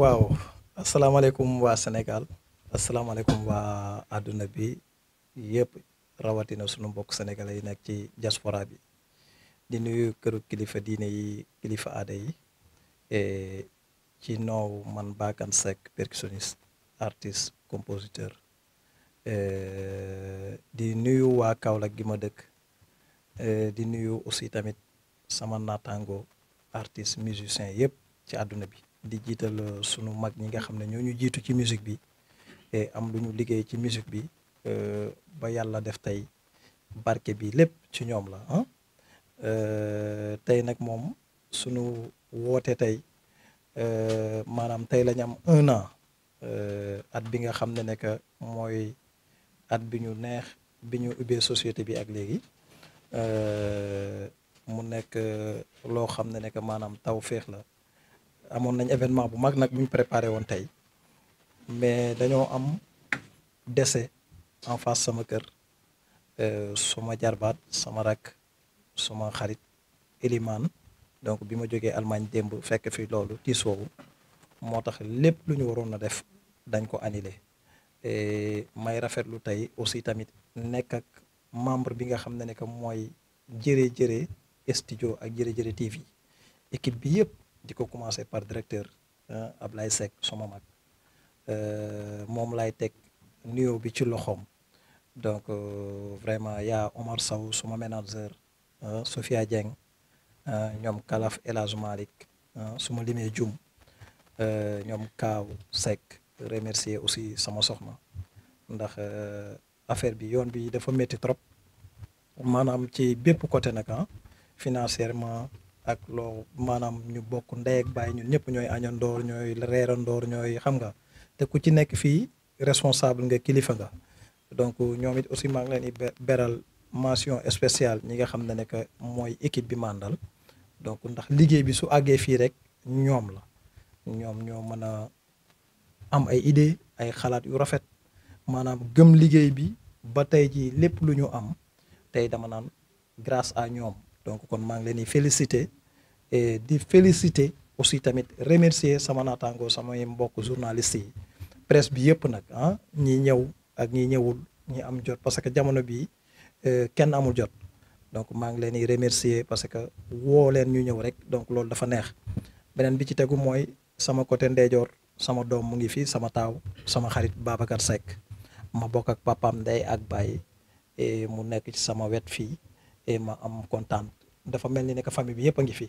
waaw asalaamaaleykum waa Sénégal asalaamaaleykum waa àdduna bi yëpp rawatina sunu mbokk sénégalais yi nekk ci diaspora bi di nuyu këru kilifa diine yi kilifa aada yi e, ci noow man baakan Seck percussionniste artiste compositeur e, di nuyu waa Kaolack gi ma dëkk e, di nuyu aussi tamit sama naataango artiste musicien yëpp ci àdduna bi di jiital euh, sunu mag ñi nga xam ne ñoo ñu jiitu ci musique bi et am lu ñu liggéey ci musique bi euh, ba yàlla def tey barke bi lépp ci ñoom la ah tey nag moom sunu woote tey maanaam tey lañ am un an at bi nga xam ne ne mooy at bi ñu neex bi ñu ubbee société bi ak léegi mu nekk loo xam ne ne maanaam taw féex la amoon nañ événement bu mag nak bu préparé won tay mais dañoo am décès en face sama kër euh suma jarbat sama rak suma xarit Eliman donc bima joggé jógee Allemagne démb fekk fi lolu tiis woowu moo tax lépp lu ñu waroon def dañ ko annulé may rafetlu tay aussi tamit nek ak membre bi nga xamné nek moy jéré jéré studio ak jéré jéré TV équipe bi yëpp qui commencé par directeur hein, Ablaye Seck sama mag euh, mom lay tek nuyoo bi ci euh, vraiment donc vraiment a Omar Saou, son manager hein, Sofia Dieng hein, ñom Kalaf El Hadj Malick suma Djum jum euh, ñom Kaaw Seck remercier aussi sama soxna ndax affaire bi yoon bi dafa metti trop manam ci bép côté nak hein, financièrement ak loo maanaam ñu bokk ndey ak baay ñun ñëpp ñooy añandoor ñooy reerandoor ñooy xam nga te ku ci nekk fii responsable nga kilifa nga donc ñoom it aussi maa ngi leen di beral mention spéciale ñi nga xam ne ne que mooy équipe bi màndal donc ndax liggéey bi su àggee fii rek ñoom la ñoom ñoo mën a am ay idée ay xalaat yu rafet maanaam gëm liggéey bi ba tey jii lépp lu ñu am tey dama naan grâce à ñoom donc kon maa ngi leen di félicité di féliciter aussi tamit remercier sama naataangoo samay mbokk journaliste yi presse bi yëpp nag ah ñi ñëw ak ñi ñëwul ñi am jot parce que jamono bii euh, kenn amul jot donc maa ngi leen di remercier parce que woo leen ñu ñëw rek donc loolu dafa neex beneen bi ci tegu mooy sama côté ndeyjoor sama doom mu ngi fi sama taaw sama xarit Babacar Seck ma bokk ak papaam ndey ak baay mu nekk ci sama wet fii ma am kontaan dafa mel ni ne que famille bi yëpp a ngi fi.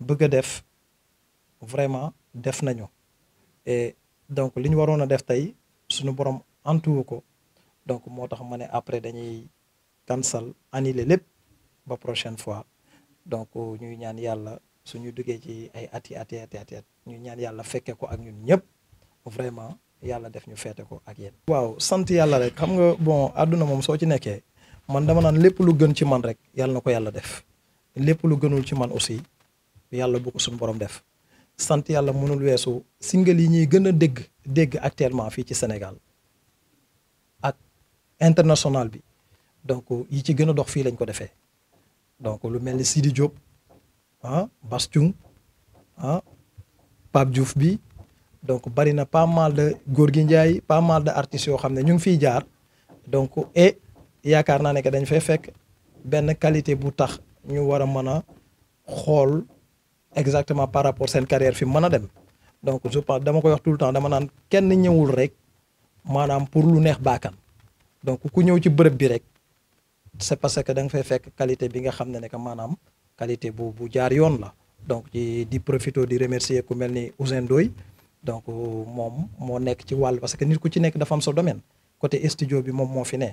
bëgg vraiment def nañu et donc li ñu def tey suñu borom ko donc moo tax ma après dañuy cancel annuler lépp ba prochaine fois donc ñuy ñaan yàlla suñu duggee ci ati ati ati ati ñu ñaan yàlla fekke ko ak ñun vraiment yàlla def ñu nous ko ak yéen. waaw sant yàlla rek xam nga bon àdduna moom soo ci nekkee man dama naan lépp lu gën ci man rek def aussi. yàlla bu ko suñu borom def sant yàlla mënul weesu single yi ñuy gën a dégg dégg actuellement fii ci Sénégal ak international bi donc yi ci gën a dox fii lañ ko defee donc lu mel ni Sidi Diop ah Bass Thioung ah Pape bi donc bari na pas mal de góor gi njaay pas mal de artistes yoo xam ne ñu ngi fiy jaar donc et yaakaar naa ne que dañ fay fekk benn qualité bu tax ñu war a mën a xool exactement par rapport sen carrière fi meuna dem donc je pense dama koy wax tout le temps dama naan kenn ñewul rek manam pour lu neex bakam donc ku ñew ci bërepp bi rek c'est parce que dang fay fekk qualité bi nga xam nek manam qualité bu bu jaar yoon la donc di di profito di remercier ku melni ni Doy donc euh, mom mo nek ci wal parce que nit ku ci nek dafa am sa domaine côté studio bi mom mo fi ne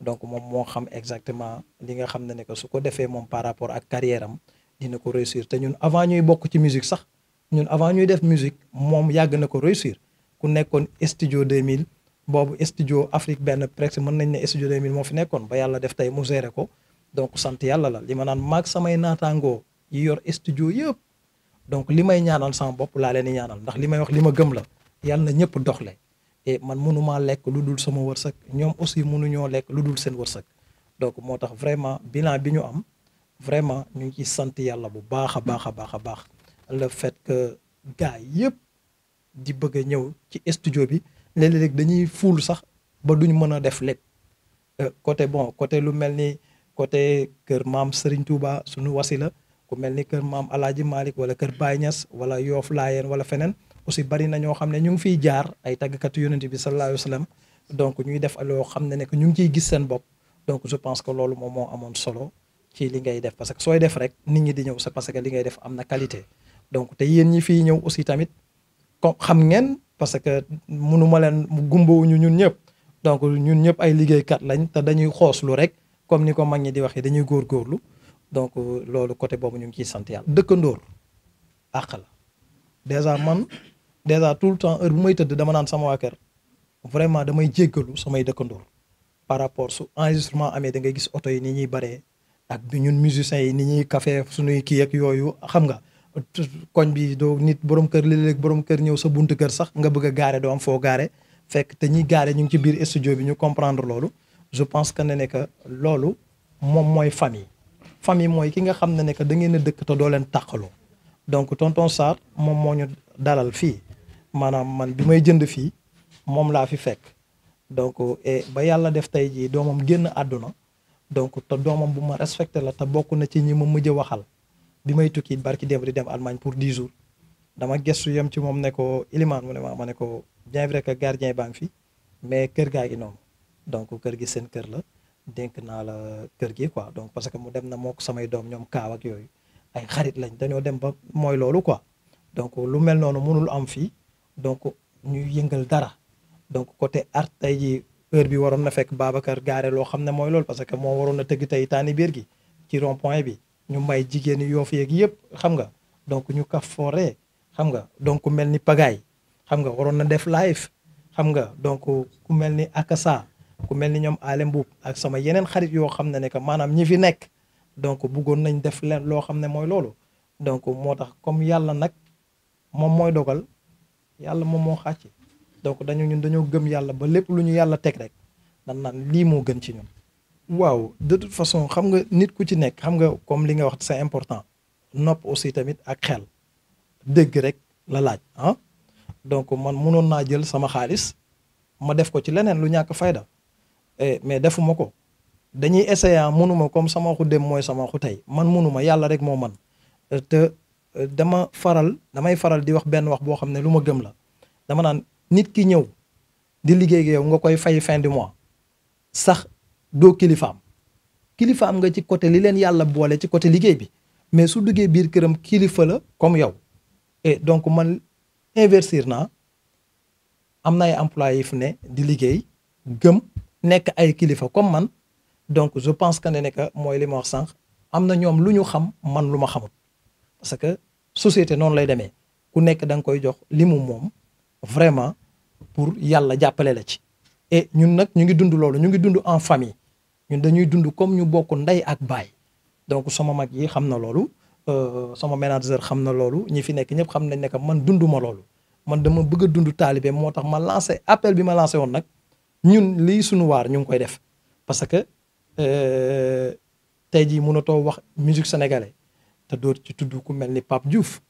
donc mom mo xam exactement li nga xam nek su ko defee mom par rapport ak carrièream dina ko réussir te ñun avant ñuy bokk ci musique sax ñun avant ñuy def musique moom yàgg na ko réussir ku nekkoon studio 2000 boobu studio Afrique benn presque mën nañ ne studio 2000 moo fi nekkoon ba yàlla def tey mu ko donc sant yàlla la li ma naan maak samay naataangoo yi yor studio yëpp donc li may ñaanal sama bopp laa leen di ñaanal ndax li may wax li ma gëm la yàlla na ñëpp doxle et man mënumaa lekk lu dul sama wërsëg ñoom aussi mënuñoo lekk lu dul seen wërsëg donc moo tax vraiment bilan bi ñu am vraiment ñu ngi ci sant yàlla bu baax a baax a baax le fait que gars yépp di bëgg ñëw ci studio bi léeg-léeg dañuy fuul sax ba duñ mëna def lépp euh, côté bon côté lu melni côté kër mam Serigne Touba suñu wasila ku melni kër mam aladji malik wala kër Baye Niass wala Yof layen wala fenen aussi bari na ñoo xam ñu ngi fiy jaar ay tàggkatu yonent bi sallallahu alayhi wasallam donc ñuy def loo xamné nek ñu ngi ciy gis seen bop donc je pense que lolu moom moo amoon solo ci li ngay def parce que sooy def rek nit ñi di ñëw c'est parce que li ngay def am na qualité donc te yéen ñi fii ñëw aussi tamit ko xam ngeen parce que munu ma leen gumbawuñu ñun ñëpp donc ñun ñëpp ay liggéeykat lañ te dañuy xooslu rek comme ni ko mag ñi di waxee dañuy góor góorgóorlu donc loolu côté boobu ñu ngi ciy sant yàlla dëkkandoor àq la dèjà man dèjà tout le temps heure bu may tëdd dama naan sama waa kër vraiment damay jéggalu samay dëkkandoo par rapport su enregistrement amee da ngay gis oto yi ni ñuy baree ak bi ñun musiciens yi ni ñuy café suñuy kii ak yooyu xam nga koñ bi do nit borom kër léeg-léeg borom kër ñëw sa buntu kër sax nga bëgg a gaare doo am foo gaare fekk te ñiy gaare ñu ngi ci biir studio bi ñu comprendre loolu je pense que ne ne que loolu moom mooy famille famille mooy ki nga xam ne ne que da ngeen a dëkk te doo leen tàqaloo donc tonton Sarr moom moo ñu dalal fii maanaam man bi may jënd fii moom laa fi fekk donc et eh, ba yàlla def tey jii doomam génn àdduna donc te doomam bu ma respecté la te bokk na ci ñi ma mëjj waxal bi may tukki barki dem di dem Allemagne pour dix jours dama gestu yem ci moom ne ko Ilimaan mu ne ma ma ne ko bien vrai que gardien baa ngi fi mais kër gaa ngi noonu donc kër gi seen kër la denk naa la kër gi quoi donc parce que mu dem na moo ko samay doom ñoom kaaw ak yooyu ay xarit lañ dañoo dem ba mooy loolu quoi donc lu mel noonu mënul am fii donc ñu yëngal dara donc côté art tey jii heure bi waroon na fekk Babacar gaare loo xam ne mooy loolu parce que moo waroon na tëgg tey taani gi ci ron point bi ñu may jigéen yoo fi yeeg yëpp xam nga donc ñu ka foore xam nga donc mel ni pagaay xam nga waroon na def live xam nga donc ku mel ni akasa ku mel ni ñoom Alé Mboup ak sama yeneen xarit yoo xam ne ne que maanaam ñi fi nekk donc buggoon nañ def leen loo xam ne mooy loolu donc moo tax comme yàlla nag moom mooy dogal yàlla moom moo xàcc donc dañu ñun dañu gëm yalla ba lepp lu ñu yàlla tek rek nan nan lii moo gën ci ñun. waaw de toute façon xam nga nit ku ci nekk xam nga comme li nga wax c'est important nopp aussi tamit ak xel dégg rek la laaj ah donc man mënoon naa jël sama xaalis ma def ko ci leneen lu ñàkk fayda eh, mais defuma ko dañuy essayer ah, mënuma comme sama xu dem mooy sama xu tey man mënuma yàlla rek moo man eh, te eh, dama faral damay faral di wax benn wax boo xam ne lu ma la dama naan nit ki ñëw di liggéey ak yow nga koy fay fin du mois sax doo kilifaam kilifaam nga ci côté li leen yàlla boole ci côté liggéey bi mais su duggee biir këram kilifa la comme yow et donc man investir naa am na ay employés yi fi ne di liggéey gëm nekk ay kilifa comme man donc je pense que ne ne mooy li ma wax sànq am na ñoom lu ñu xam man lu ma xamut parce que société noonu lay demee ku nekk da nga koy jox limu moom vraiment pour yalla la ci et nous, nous ñu ngi dund en famille ñun dañuy comme ñu ak donc sama mag yi xamna lolu euh, sama manager xamna nous ñi fi nek ñep xamnañ man dunduma man dama ma lancé appel bi ma lancer won nak ñun li suñu war ñu koy def parce que euh, tey wax musique sénégalais te do ci tuddu ku melni pap Pape Diouf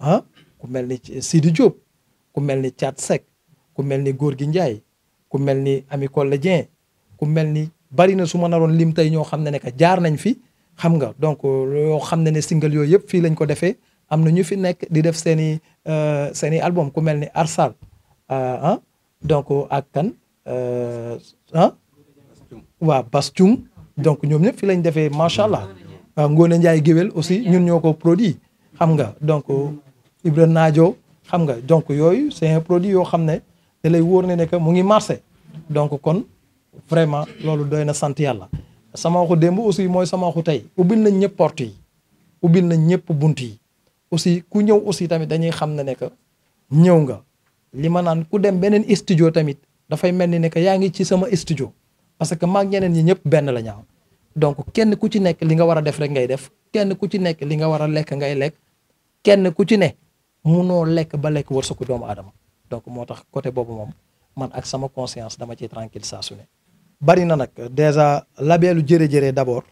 ah, ku melni ku mel ni Thiat Seck ku mel ni góor gi Ndiaye ku mel ni Ami Collé Dieng ku mel ni bari na su ma naroon lim tey ñoo xam ne ne que jaar nañ fi xam nga donc yoo xam ne ne single yooyu yëpp fii lañ ko defee am na ñu fi nekk di def seeni i euh, seen i album ku mel ni Arsal euh, ah donc ak kan euh, ah waa Bastung donc ñoom ñëpp fi lañ defee macha allah Ngone njaay géwél aussi ñun ñoo ko produit xam nga donc Ibra xam nga donc yooyu c'est produit yoo xam ne da lay wóor ne ne que mu ngi marché donc kon vraiment loolu doy na sant yàlla sama waxu démb aussi mooy sama waxu tey ubbil nañ ñëpp porte yi nañ ñëpp bunt yi aussi ku ñëw aussi tamit dañuy xam ne ne que ñëw nga li ma naan ku dem beneen studio tamit dafay mel ni ne que yaa ngi ci sama studio parce que maag ñeneen ñi ñëpp benn la ñaaw donc kenn ku ci nekk li nga war a def rek ngay def kenn ku ci nekk li nga war a lekk ngay lekk kenn ku ci ne munoo lekk ba lekk wërsëgu doomu aadama donc moo tax côté boobu moom man ak sama conscience dama ciy tranquille saa su ne bari na nag dèjà labelu jërëjërë d'abord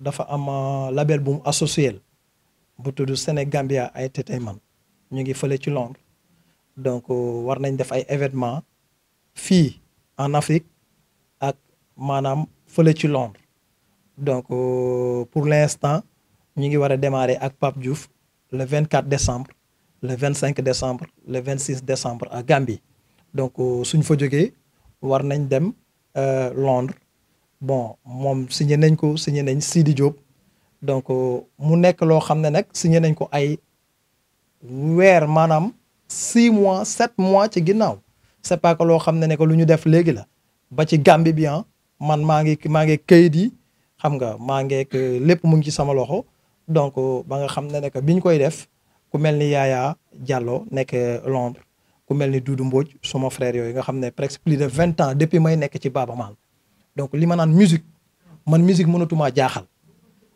dafa am euh, label bu associé bu tudd Sénégambia ay tétay man ñu ngi fële ci Londres donc euh, war nañ def ay événement fii en Afrique ak maanaam fële ci Londres donc euh, pour l'instant ñu ngi war démarrer ak Pape Diouf le 24 décembre le 25 décembre le 26 décembre à Gambie donc euh, suñ fa jógee war nañ dem euh, Londres bon mom signé nañ ko signé nañ Sidi Diop donc euh, mu nek lo xamné nak signé nañ ko ay weer manam 6 mois 7 mois ci ginnaw. c'est pas que lo xamné nek luñu def légui la ba ci Gambie bien, ah, man maa ngi maa ngi kayit xam nga maa ngeek lepp mu ngi ci sama loxo donc ba nga xamné nek biñ koy def ku mel ni Yaya Diallo nekk euh, Londres ku mel ni Doudou Mbodj suma frère yooyu nga xam ne presque plus de vingt ans depuis may nekk ci Baaba Maal donc li ma naan musique man musique mënatumaa jaaxal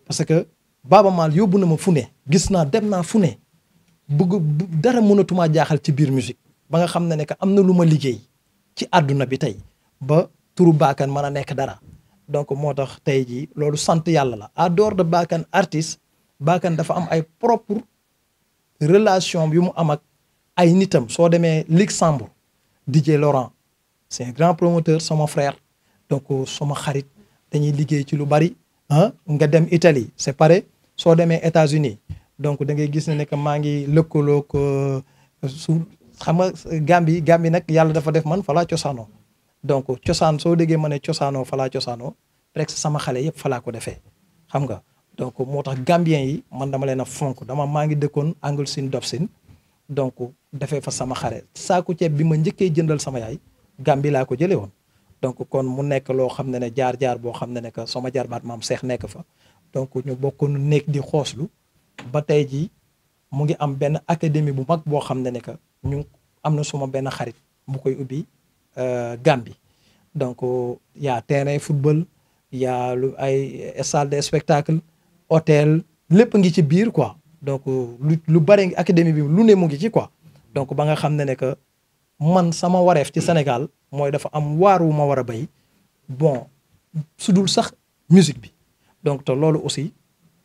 parce que Baaba Maal yóbbu na ma fu ne gis naa dem naa fu ne bëgg dara mënatumaa jaaxal ci biir musique ba nga xam ne ne que am na lu ma liggéey ci àdduna bi tey ba turu baakan mën a nekk dara donc moo tax tey jii loolu sant yàlla la à dehors de baakan artiste baakan dafa am ay propre relation bi mu am ak ay nitam soo demee Luxembourg DJ Laurent c'est un grand promoteur sama frère donc euh, sama xarit dañuy liggéey ci lu bari ah nga dem Italie c'est pareil soo demee États-Unis donc da ngay gis ne ne que maa ngi lëkkaloog euh, su xam nga Gambie Gambie nag yàlla dafa def man falaa cosaanoo donc cosaan soo déggee ma ne cosaanoo falaa cosaanoo presque sama xale yëpp falaa ko defee xam nga donc moo tax Gambien yi man dama leen a fonk dama maa ngi dëkkoon angle sin dob donc defee fa sama xare saaku ceeb bi ma njëkkee jëndal sama yaay Gambie laa ko jëlee woon donc kon mu nekk loo xam ne ne jaar-jaar boo xam ne ne que sama jaar baat maam seex nekk fa donc ñu bokkoon nekk di xooslu ba tey jii mu ngi am benn académie bu mag boo xam ne ne que ñu am na suma benn xarit mu koy ubbi euh, Gambie donc euh, y a terrain football y a lu ay salle de spectacle hôtel lépp a ngi ci biir quoi donc lu lu ngi académie bi lu ne mu ngi ci quoi donc ba nga xam ne ne que man sama wareef ci Sénégal mooy dafa am waar wu ma war a béy bon su dul sax musique bi donc te loolu aussi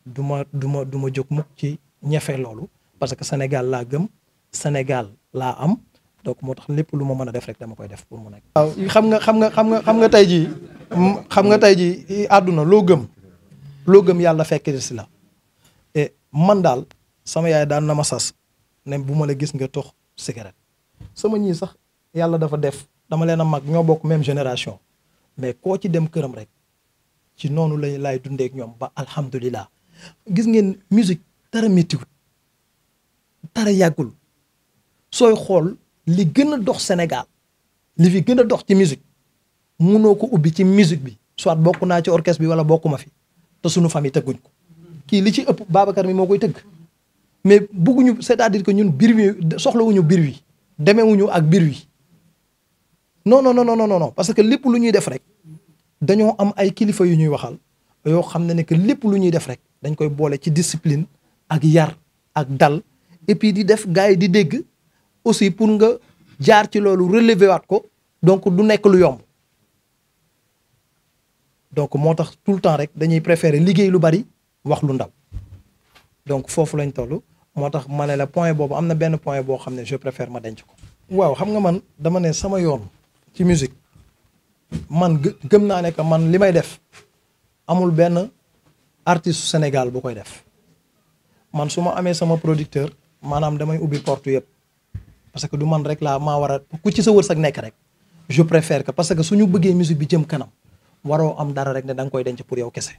du ma du ma du ma jóg mukk ci ñefe loolu parce que Sénégal laa gëm Sénégal laa am donc moo tax lépp lu ma mën a def rek dama koy def pour mu nekk. xam nga xam nga xam nga xam nga tey ji xam nga tey jii àdduna loo gëm. loo gëm yàlla fekk si la et man daal sama yaay daal na ma sas ne bu ma la gis nga tox cigarette sama ñii sax yàlla dafa def dama leen a mag ñoo bokk même génération mais koo ci dem këram rek ci noonu la lay dundeek ñoom ba alhamdulilah gis ngeen musique dara méttiwul dara yàggul sooy xool li gën a dox Sénégal li fi gën a dox ci musique munoo ko ubbi ci musique bi soit bokk naa ci orchestre bi wala bokkuma fi te sunu famille ko li ci Babacar mi mais c'est-à-dire que nous sommes soxlawuñu Nous wi non non non non non parce que les def nous am ay kilifa yu waxal def rek dañ koy discipline ak yar ak dal et puis di def gaay di dégg aussi pour nga jaar ci relever donc donc moo tout le temps rek dañuy préférer liguer lu bari wax lu ndaw donc fofu lañ toll moo tax ma la point bobu amna ben point bo xamné je préfère ma denc ko. waaw xam nga man dama né sama yoon ci musique man gëm naa ne que man limay def amul ben artiste Sénégal bu koy def man suma amé sama producteur manam damay ubbi porte yëpp parce que du man rek la ma wara ku ci sa wërsëg nek rek je préfère que parce que suñu bëggé musique bi jëm kanam. waroo am dara rek ne da nga koy denc pour yow kese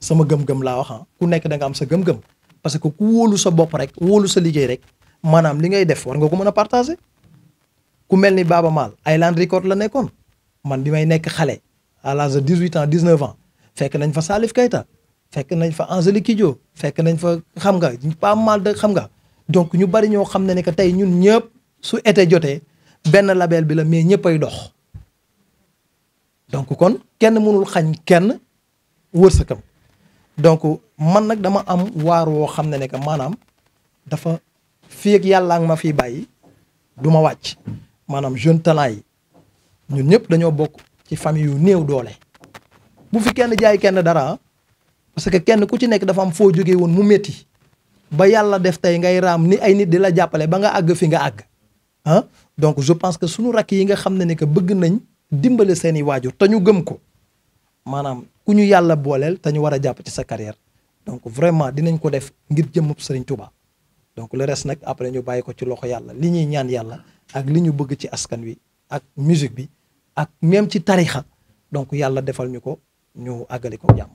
sama gëm-gëm laa wax ah. ku nekk da nga am sa gëm-gëm parce que ku wóolu sa bopp rek wóolu sa liggéey rek maanaam li ngay def war nga ko mën a partager ku mel ni Baaba Maal Island Record la nekkoon man bi may nekk xale à l'âge de dix huit ans dix neuf ans fekk nañ fa Salif Keita fekk nañ fa Angélique Kidjo fekk nañ fa xam nga pas mal de xam nga donc ñu bari ñoo xam ne ne que tey ñun ñëpp su été jotee benn label bi la mais ñëppay dox donc kon kenn mënul xañ kenn wërsëgam donc man nag dama am waar woo xam ne ne que maanaam dafa fii ak yàlla ma fi bàyyi duma wàcc maanaam jeune talent yi ñun ñëpp dañoo bokk ci famille yu néew doole. bu fi kenn jaay kenn dara parce que kenn ku ci nekk dafa am foo jógee woon mu métti ba yàlla def tey ngay raam ni ay nit di la jàppale ba nga àgg fi nga àgg ah donc je pense que sunu rakk yi nga xam ne ne que bëgg nañ. dimbale seeni waajur te ñu gëm ko maanaam ku ñu yàlla booleel te ñu war a jàpp ci sa carrière donc vraiment dinañ ko def ngir jëmmub Serigne Touba donc le reste nag après ñu bàyyi ko ci loxo yàlla li ñuy ñaan yàlla ak li ñu bëgg ci askan wi ak musique bi ak même ci tarixa donc yàlla defal ñu ko ñu àggale ko jàmm.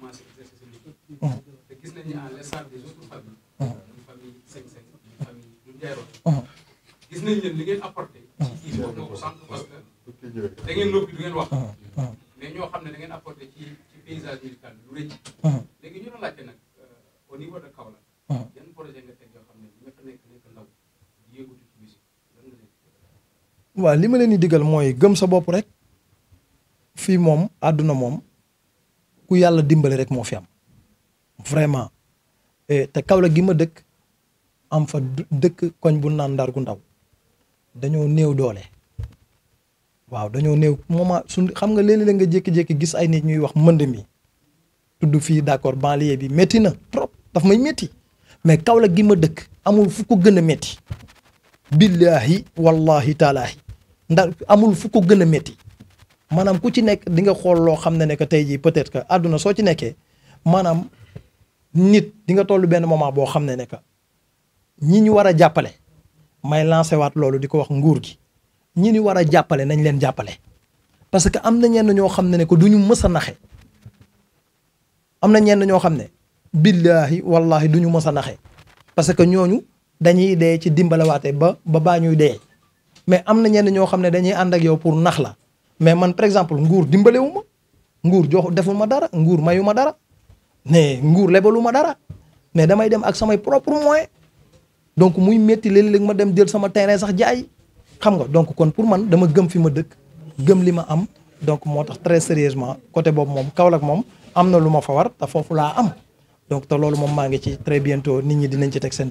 commencé mmh. gis nañ ne en l'espace des autres familles. muy mmh. mmh. gis nañ leen li ngeen apporté. ci kii boobu moo ñoo xam ne da ngeen apporté ci ci paysage musical euh, de Kaolack. yan projet yoo xam ne ña fa li ma leen di digal mooy gëm sa bopp rek fii moom àdduna moom. ku yàlla dimbali rek moo fi am vraiment te Kaolack gi ma dëkk am fa dëkk koñ bu naan ndar gu ndaw dañoo néew doole waaw dañoo néew moment su xam nga léeg-léeg nga jékki-jékki gis ay nit ñuy wax mënd mi tudd fii d'accord banlieue bi métti na trop daf may métti mais Kaolack gi ma dëkk amul fu ko gën a métti billaahi wallahi taalaahi ndax amul fu ko gën a métti maanaam ku ci nekk di nga xool loo xam ne ne tey jii peut-être que àdduna soo ci nekkee maanaam nit di nga toll benn moment boo xam ne ne que ñi ñu war a jàppale may lancé waat loolu di ko wax nguur gi ñi ñu war a jàppale nañ leen jàppale. parce que am na ñenn ñoo xam ne ne que du ñu mës a naxe am na ñenn ñoo xam ne billaahi wallaahi du ñu mës a naxe parce que ñooñu dañuy dee ci dimbalawaate ba ba baa ñuy dee mais am na ñenn ñoo xam ne dañuy ànd ak yow pour nax la. mais man par exemple nguur dimbalé wuma nguur jox defu ma dara nguur mayu ma dara né nguur lebalu ma dara mais damay dem ak samay propre moyen donc muy metti léeg ma dem jël sama terrain sax jaay xam nga donc kon pour man dama gëm fi ma dëkk gëm lima ma am donc motax très sérieusement côté bob mom Kaolack moom am no lu fa war ta fofu la am donc ta lolu mom ma ngi ci très bientôt nit ñi dinañ ci tek seen